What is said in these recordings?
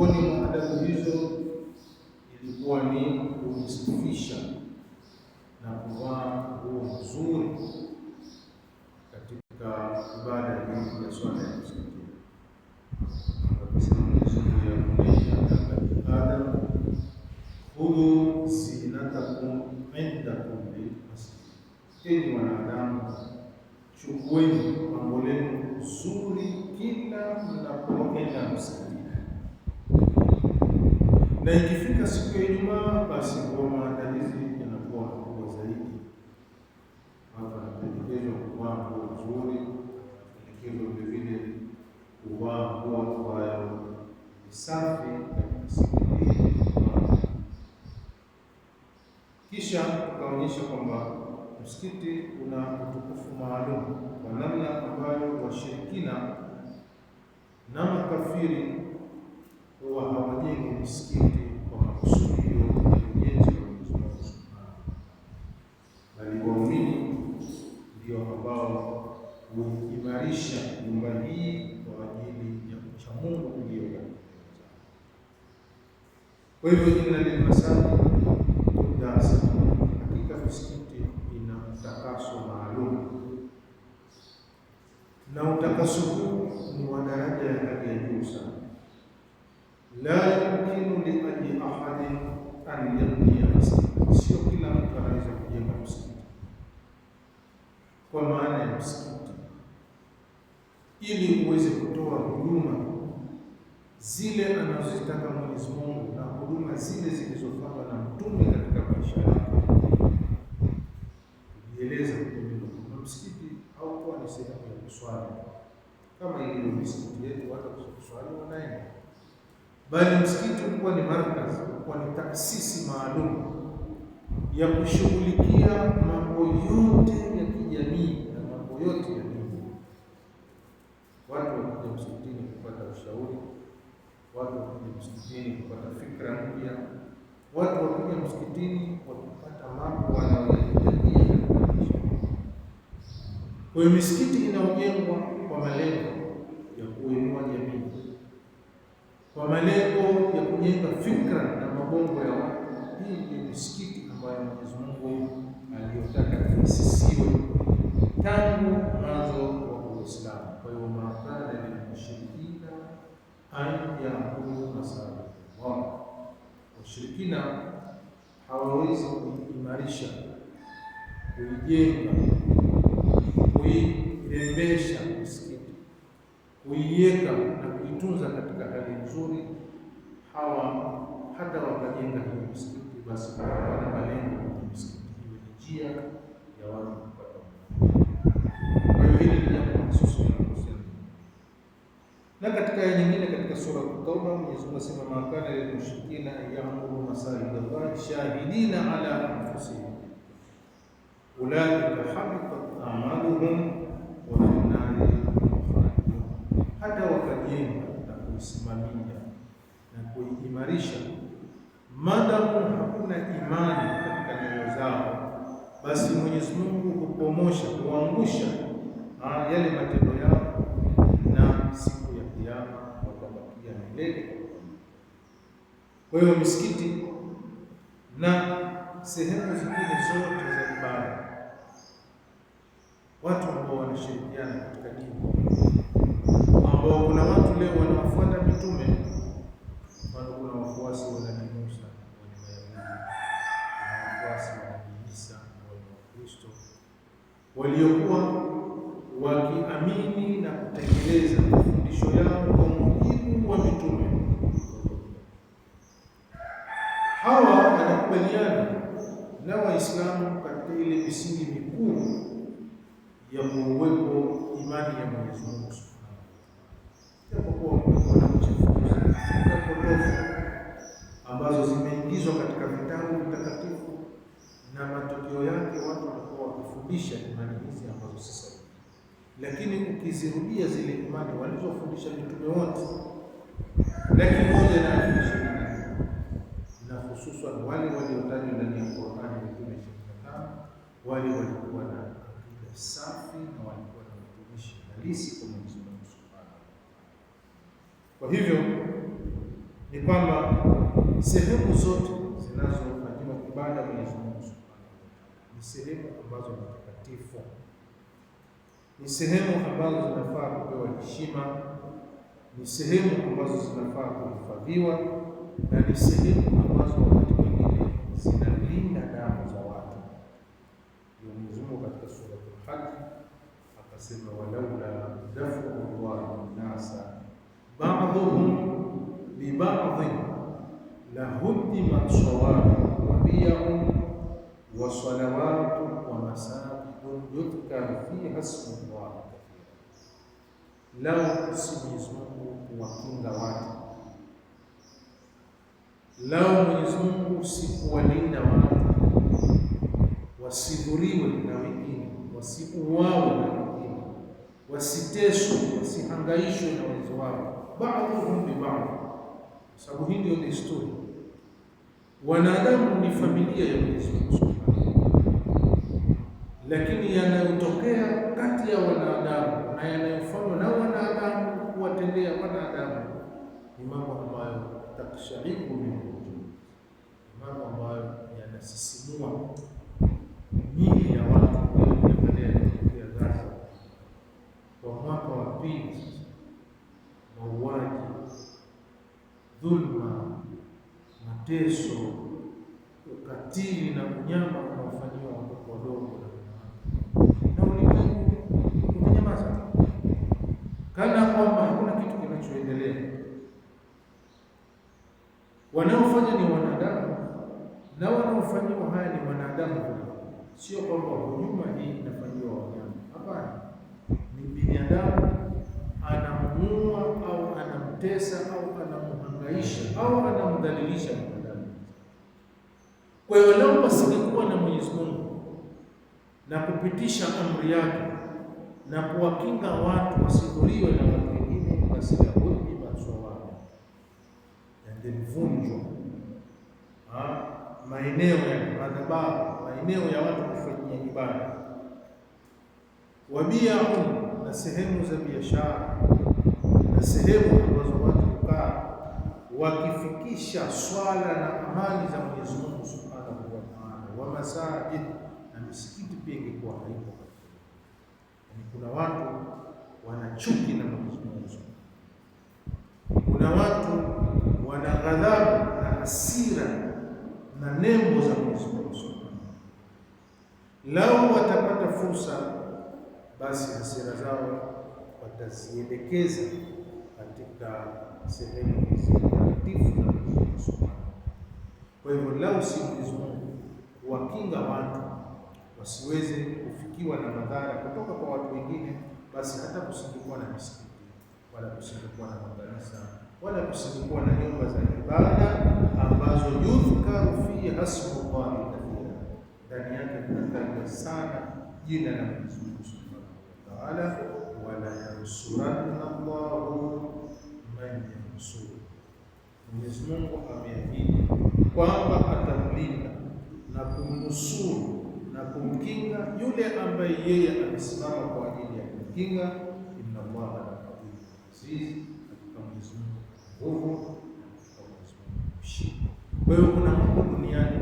Miongoni mwa adabu hizo ilikuwa ni kujisafisha na kuvaa nguo nzuri katika ibada hii ya swala ya msikiti aada hudhu zinatakum inda kulli masjid, enyi wanadamu, chukueni pambo lenu zuri kila mnapoenda msikiti. na se siku ya Ijumaa basi ngoma Kwa hivyo jina la neno asali hakika ina utakaso maalum, na utakaso huu ni wa daraja ya hali ya juu sana. La yumkinu li ayi ahadi an yabniya masjid, sio kila mtu anaweza kujenga msikiti kwa maana ya msikiti, ili uweze kutoa huduma zile anazozitaka Mwenyezi Mungu na huduma zile zilizofanywa na mtume katika maisha yake, kujieleza na msikiti au kwa ni sehemu ya kuswali kama ilivyo misikiti yetu, watu kuswali wanaenda, bali msikiti ukuwa ni markaz, ukuwa ni taasisi maalum ya kushughulikia mambo yote ya kijamii na mambo yote watu wakuja msikitini kupata fikra mpya, watu wakuja msikitini wakipata mambo wanaoyajiajia kuaishi. Kwa hiyo misikiti inaojengwa kwa malengo ya kuinua jamii, kwa malengo ya kujenga fikra na mabongo ya watu. Hii ndio misikiti ambayo Mwenyezi Mungu aliyotaka kisisiwe tangu mwanzo wa Uislamu aya ya kumi na saba wao washirikina hawawezi kuimarisha, kuijenga, kuirembesha msikiti, kuiweka na kuitunza katika hali nzuri. Hawa hata wakajenga hiyo msikiti, basi wana malengo ya msikiti iwe njia ya watu Tauba, Mwenyezi Mungu asema makana lil mushrikina ayamuru masajid Allah shahidina ala anfusihim ulaika habitat amaluhum wa hum Hata wakajenga na kuisimamia na kuiimarisha, madamu hakuna imani katika nyoyo zao, basi Mwenyezi Mungu hupomosha kuangusha ah, yale matendo yao mbele. Kwa hiyo misikiti na sehemu zingine zote za ibada, watu ambao wanashirikiana katika dini, ambao kuna watu leo wanawafuata mitume, bado kuna wafuasi wa Nabii Musa, wafuasi wa Nabii Isa Wakristo waliokuwa wakiamini na kutekeleza mafundisho yao kwa kukubaliana na Waislamu katika ile misingi mikuu ya kuwepo imani ya Mwenyezi Mungu ambazo zimeingizwa katika vitabu vitakatifu na matokeo yake watu wanakuwa wakifundisha imani hizi ambazo si lakini ukizirudia zile imani walizofundisha mitume wote, lakini moja na wale walikuwa na akida safi na walikuwa na utumishi halisi kwa Mwenyezi Mungu Subhanahu wa Ta'ala. Kwa hivyo ni kwamba sehemu zote zinazofanyiwa ibada Mwenyezi Mungu Subhanahu wa Ta'ala ni sehemu ambazo ni takatifu, ni sehemu ambazo zinafaa kupewa heshima, ni sehemu ambazo zinafaa kuhifadhiwa na ni sehemu ambazo wakati mwingine zinalinda damu Mwenyezi Mungu katika suratul Hajj akasema, walaula dafu llahi nasa ba'dhum bi ba'dhin lahuddimat sawabi'u wa biya'un wa salawatun wa masajidun yudhkar fiha ismullahi lao si Mwenyezi Mungu kuwakinga watu, lao Mwenyezi Mungu si kuwalinda watu wasidhuriwe na wengine, wasiuawe na wengine, wasiteswe, wasihangaishwe na wenzi wao, baadhuhum bi baadhi, kwa sababu hii ndio desturi. Wanadamu ni familia ya Mwenyezi Mungu lakini yanayotokea kati ya wanadamu na yanayofanywa na wanadamu kuwatendea wanadamu ni mambo ambayo takshaiku minhu mateso, ukatili na unyama unaofanyiwa watoto wadogo na ulimwengu umenyamaza, kana kwamba hakuna kitu kinachoendelea. Wanaofanya ni wanadamu na wanaofanyiwa haya ni wanadamu, sio kwamba hujuma hii inafanyiwa wanyama. Hapana, ni binadamu anamuua au anamtesa au anamhangaisha au anamdhalilisha kwa hiyo leo pasingekuwa na Mwenyezi Mungu na kupitisha amri yake na kuwakinga watu wasiguliwe na watu wengine, basi lahuimasowao yangemvunjwa maeneo ya madhabahu, maeneo ya watu kufanyia ibada, wabia na sehemu za biashara na sehemu ambazo watu hukaa wakifikisha swala na amali za masajid na misikiti pia ingekuwa haipo. Yaani kuna watu wana chuki na Mwenyezi Mungu, kuna watu wana ghadhabu na hasira na nembo za Mwenyezi Mungu. Lau watapata fursa, basi hasira zao watazielekeza katika sehemu hizi takatifu za Mwenyezi Mungu. Kwa hivyo lau si Mwenyezi Mungu kuwakinga watu wasiweze kufikiwa na madhara kutoka kwa watu wengine, basi hata kusingekuwa na misikiti wala kusingekuwa na madarasa wala kusingekuwa na nyumba za ibada ambazo yudhkaru fihi hasbullahi kathira, ndani yake kunatajwa sana jina la Mwenyezi Mungu subhanahu wa taala, wala yansuranna Allahu man yansuru, Mwenyezi Mungu ameahidi kwamba atamlinda na kumnusuru na kumkinga yule ambaye yeye amesimama kwa ajili ya kumkinga. Inna Allah la qawiyyun aziz, katika Mwenyezi Mungu nguvu, katika Mwenyezi Mungu mshindi. Kwa hiyo kuna mambo duniani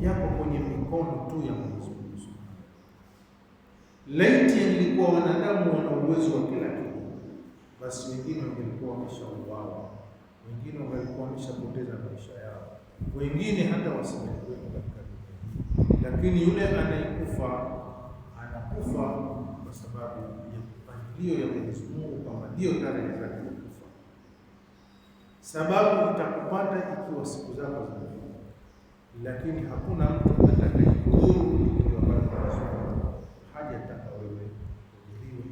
yako kwenye mikono tu ya Mwenyezi Mungu subhanahu. Laiti ilikuwa wanadamu wana uwezo wa kila kitu, basi wengine wangelikuwa wameshauawa, wengine wangelikuwa wameshapoteza maisha yao, wengine hata wasimekuwepo katika lakini yule anayekufa anakufa kwa sababu ya mpangilio ya Mwenyezi Mungu kwamba ndiyo tarehe zake za kufa. Sababu itakupata ikiwa siku zako zimefika, lakini hakuna mtu atakayekudhuru hajataka wewe kudhuriwe.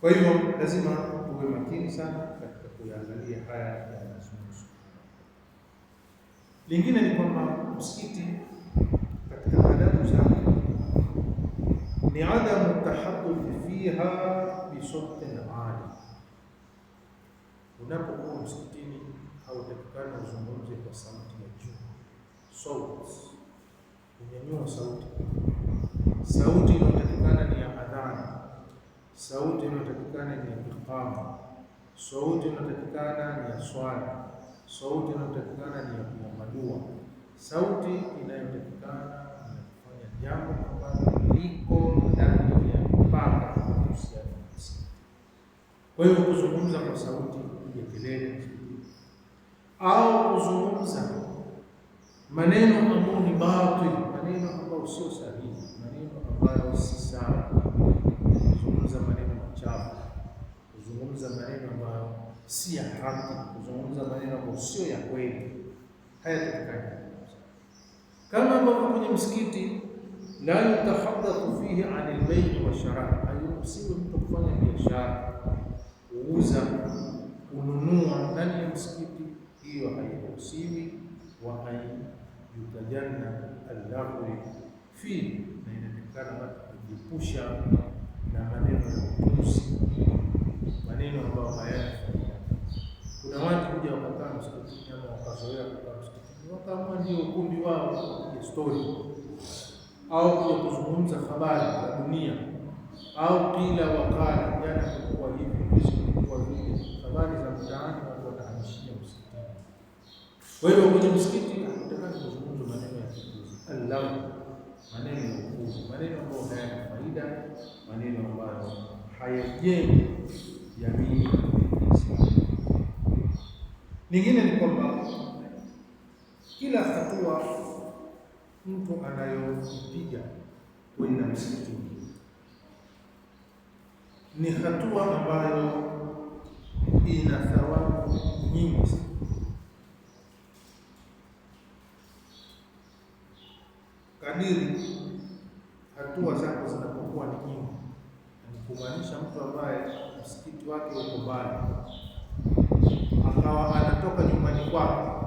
Kwa hivyo lazima uwe makini sana katika kuyaangalia haya ya Mwenyezi Mungu. Lingine ni kwamba msikiti biadamu tahabuthi fiha bisabti al-maali. Unapokuwa msikitini hautakikana uzungumze kwa sauti ya juu, sauti unyanyua sauti. Sauti inayotakikana ni ya adhana, sauti inayotakikana ni ya iqama, sauti inayotakikana ni ya swala, sauti inayotakikana ni ya kuamadua, sauti inayotakikana ni ya kufanya jambo Kwa hiyo kuzungumza kwa sauti ya kelele au kuzungumza maneno ambayo ni batili, maneno ambayo sio sahihi, maneno ambayo si sawa, kuzungumza maneno machafu, kuzungumza maneno ambayo si ya haki, kuzungumza maneno ambayo sio ya kweli, hayatakikani. Kama ambavyo kwenye msikiti la yutahaddathu fihi anil bayi wa sharabi, hayuruhusiwi mtu kufanya biashara kuuza, kununua ndani ya msikiti, hiyo hairuhusiwi wa hayutajanna allaghwi fi, na inaonekana kujiepusha na maneno ya upuzi, maneno ambayo hayana kuna watu huja wakakaa msikitini ama wakazoea kukaa msikitini, wakaamua ndio ukumbi wao kupiga stori au kuja kuzungumza habari za dunia au kila wakala, jana kukuwa hivi kwa vile habari za mtaani watu wanahamishia msikitini. Wewe kwenye msikiti hakutaka ah, kuzungumza maneno ya kituzi Allah, maneno ya upuzi, maneno ambayo hayana faida, maneno ambayo hayajengi jamii. Lingine ni kwamba kila hatua mtu anayopiga kwenda msikitini ni hatua ambayo ina thawabu nyingi Kadiri hatua zako zinapokuwa ni nyingi, kumaanisha mtu ambaye msikiti wake uko mbali, akawa anatoka nyumbani kwake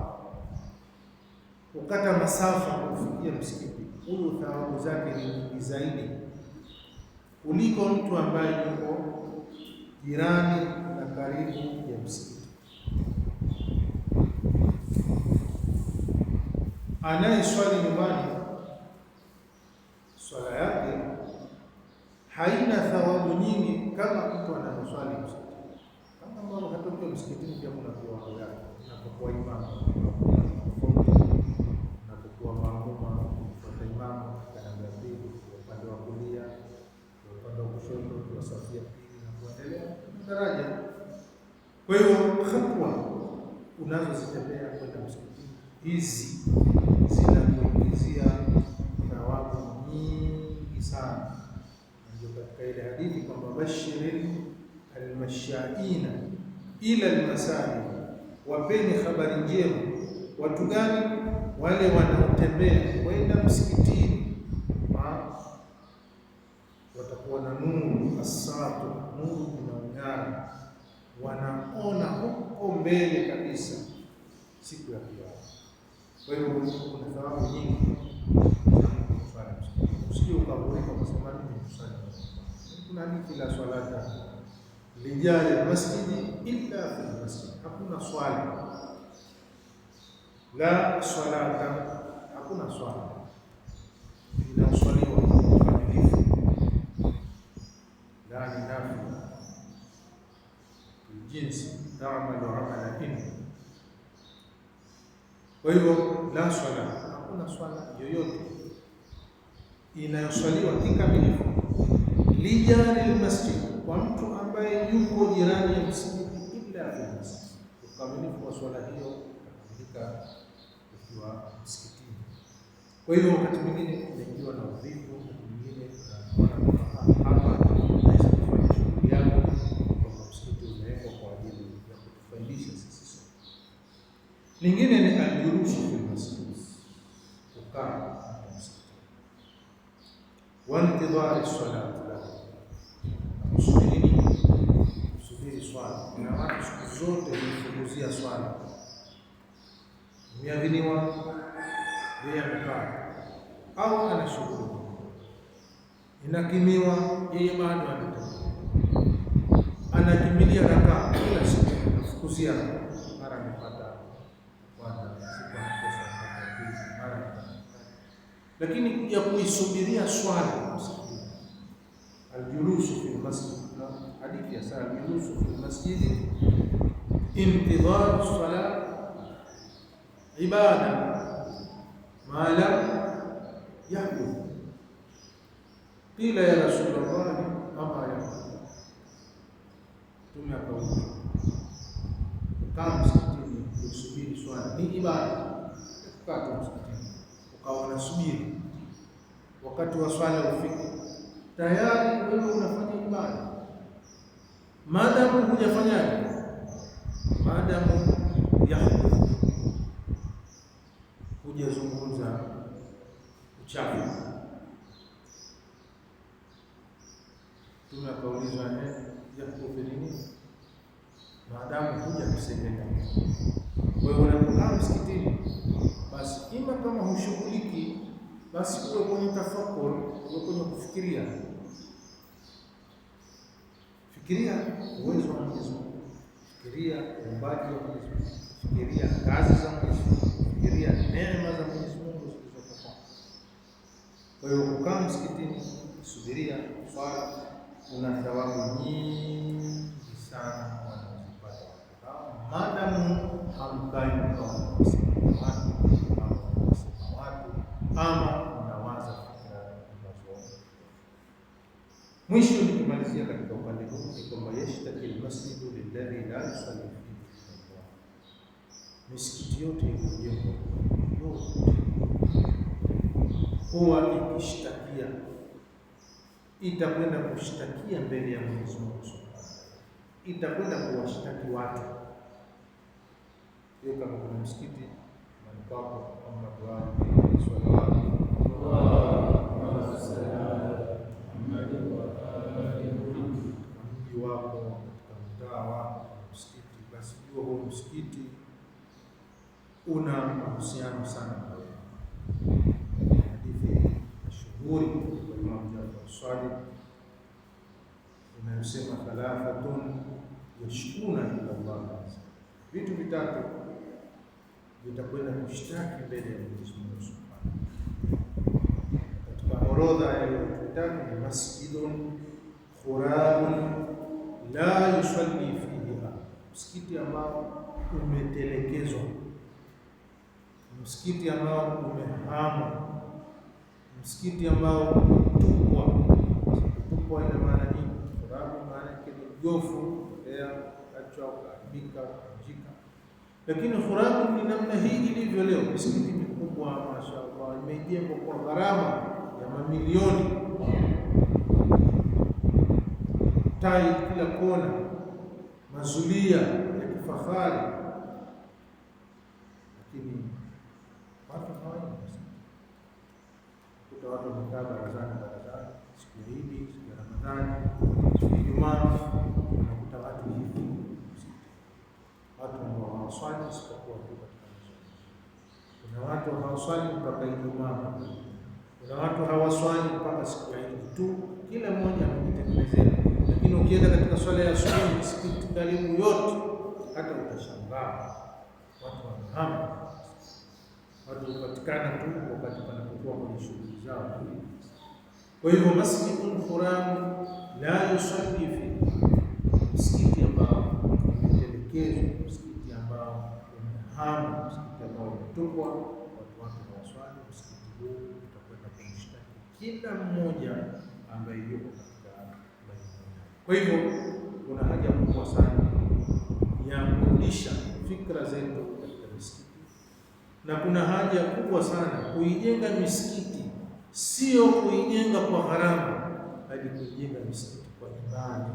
ukata masafa kufikia msikiti, huyu thawabu zake ni nyingi zaidi kuliko mtu ambaye yuko jirani karibu ya msitu. Anayeswali nyumbani, swala yake haina thawabu nyingi kama mtu anayeswali msikitini, kama ambavyo hata msikitini pia kuna viwango vyake, unapokuwa imamu Kwa hiyo hatua unazozitembea kwenda msikitini hizi zinakuingizia thawabu nyingi sana, ndio katika ile hadithi kwamba bashiri almashaina ila almasani, wapeni habari njema watu gani? Wale wanaotembea kwenda msikitini, watakuwa na nuru asatu, nuru inaung'ana wanaona huko mbele kabisa siku ya Kiyama. Kwa hiyo kuna thawabu nyingi usije ukaburika ukasema nini kusali. Kuna hadithi la swalata rijali almasjidi illa fil masjid, hakuna swala la swalata, hakuna swala inaswali taamalu amala ini. Kwa hivyo la swala, hakuna swala yoyote inayoswaliwa kikamilifu lijari lmasjidi, kwa mtu ambaye yuko jirani ya msikiti, illa fi masjid. Ukamilifu wa swala hiyo utakamilika ukiwa msikitini. Kwa hivyo wakati mwingine unaingiwa na udhifu, wakati mwingine Lingine ni aljulusu fil masjid, kukaa wantidhari salati la kusubirini, kusubiri swala. Kuna watu siku zote kuifunguzia swala, umeadhiniwa yeye amekaa au ana shughuli, inakimiwa yeye bado anatoka, anakimilia rakaa kila siku, nafukuzia rakaa lakini kuja kuisubiria swala aljulusu fi lmasjid, hadithi ya sala aljulusu fi lmasjidi intidharu sala ibada ma lam yahdith. Qila ya Rasulullah, ama ya Mtume akauliza, kaa msikitini kusubiri swala ni ibada, kaa msikitini ukawa unasubiri wakati wa swala ufike, tayari wewe unafanya ibada, maadamu hujafanyaje, maadamu ya hujazungumza uchafu. Mtume akaulizwa eh, yahduth nini? maadamu hujakusemeka. Wewe unapokaa msikitini, basi ima kama hushughuli basi uwe kwenye tafakkur, uwe kwenye kufikiria. Fikiria uwezo wa Mwenyezi Mungu, fikiria uumbaji wa Mwenyezi Mungu, fikiria kazi za Mwenyezi Mungu, fikiria neema za Mwenyezi Mungu zilizoko kwako. Kwa hiyo ukaa msikitini, subiria swala, una thawabu nyingi sana wanazopata madamu hamkai mkawa msikitini ama Mwisho nikimalizia katika upande huu ni kwamba yashtaki lmasjidu lilladhi la yusalli fihi, misikiti yote iliyojengwa huwa ikishtakia, itakwenda kushtakia mbele ya Mwenyezi Mungu subhanahu, itakwenda kuwashtaki watu hiyo, kama kuna msikiti manikwapo swala salawatu wako katika mtaa wako msikiti, basi jua huo msikiti una mahusiano sana na wewe. Hadithi mashuhuri kwa Imamu Jafar Sadiq inayosema thalathatun yashkuna ila Allah, vitu vitatu vitakwenda kushtaki mbele ya Mwenyezi Mungu subhanahu katika orodha ya vitatu ni masjidun khurabun la yusalli fiha, msikiti ambao umetelekezwa, msikiti ambao umehama, msikiti ambao umetupwa. Kutupwa ina maana nyingi, kwa sababu maana yake ni gofu, elea, kachwa, kuharibika, kuvunjika. Lakini Khurabu ni namna hii ilivyo leo, msikiti mikubwa mashaallah, imejengwa kwa gharama ya mamilioni tai kila kona, mazulia ya kifahari, lakini watu hawana kuta. Watu wamekaa barazani, barazani, siku ya siku ya Ramadhani, siku ya Ijumaa, unakuta watu hivi, watu ambao hawaswali isipokuwa tu katika Kuna watu hawaswali mpaka Ijumaa, kuna watu hawaswali mpaka siku ya Idi tu, kila mmoja amejitengenezea lakini ukienda katika swala ya sunna msikiti karibu yote, hata utashangaa watu wanahama, watu hupatikana tu wakati wanapokuwa kwenye shughuli zao. Kwa hivyo masjidul Qur'an la yusalli fi, msikiti ambao umetelekezwa, msikiti ambao umehamu, msikiti ambao umetupwa, watu wake hawaswali, msikiti huu utakwenda kumshtaki kila mmoja ambaye yuko kwa hivyo kuna haja kubwa sana ya kurudisha fikra zetu katika misikiti, na kuna haja kubwa sana kuijenga misikiti, sio kuijenga kwa gharama, hadi kuijenga misikiti kwa imani,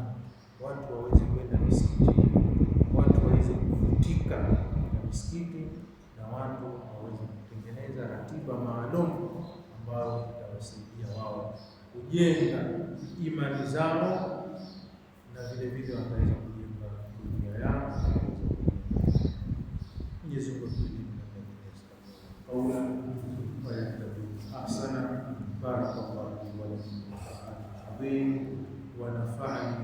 watu waweze kwenda misikiti, watu waweze kuvutika na misikiti, na watu waweze kutengeneza ratiba maalum ambayo itawasaidia wao kujenga imani zao vile vile wataweza kujenga familia yao. Mwenyezi Mungu aula wayatabiu ahsana barakallahu wa lakum adhim wa nafa'ani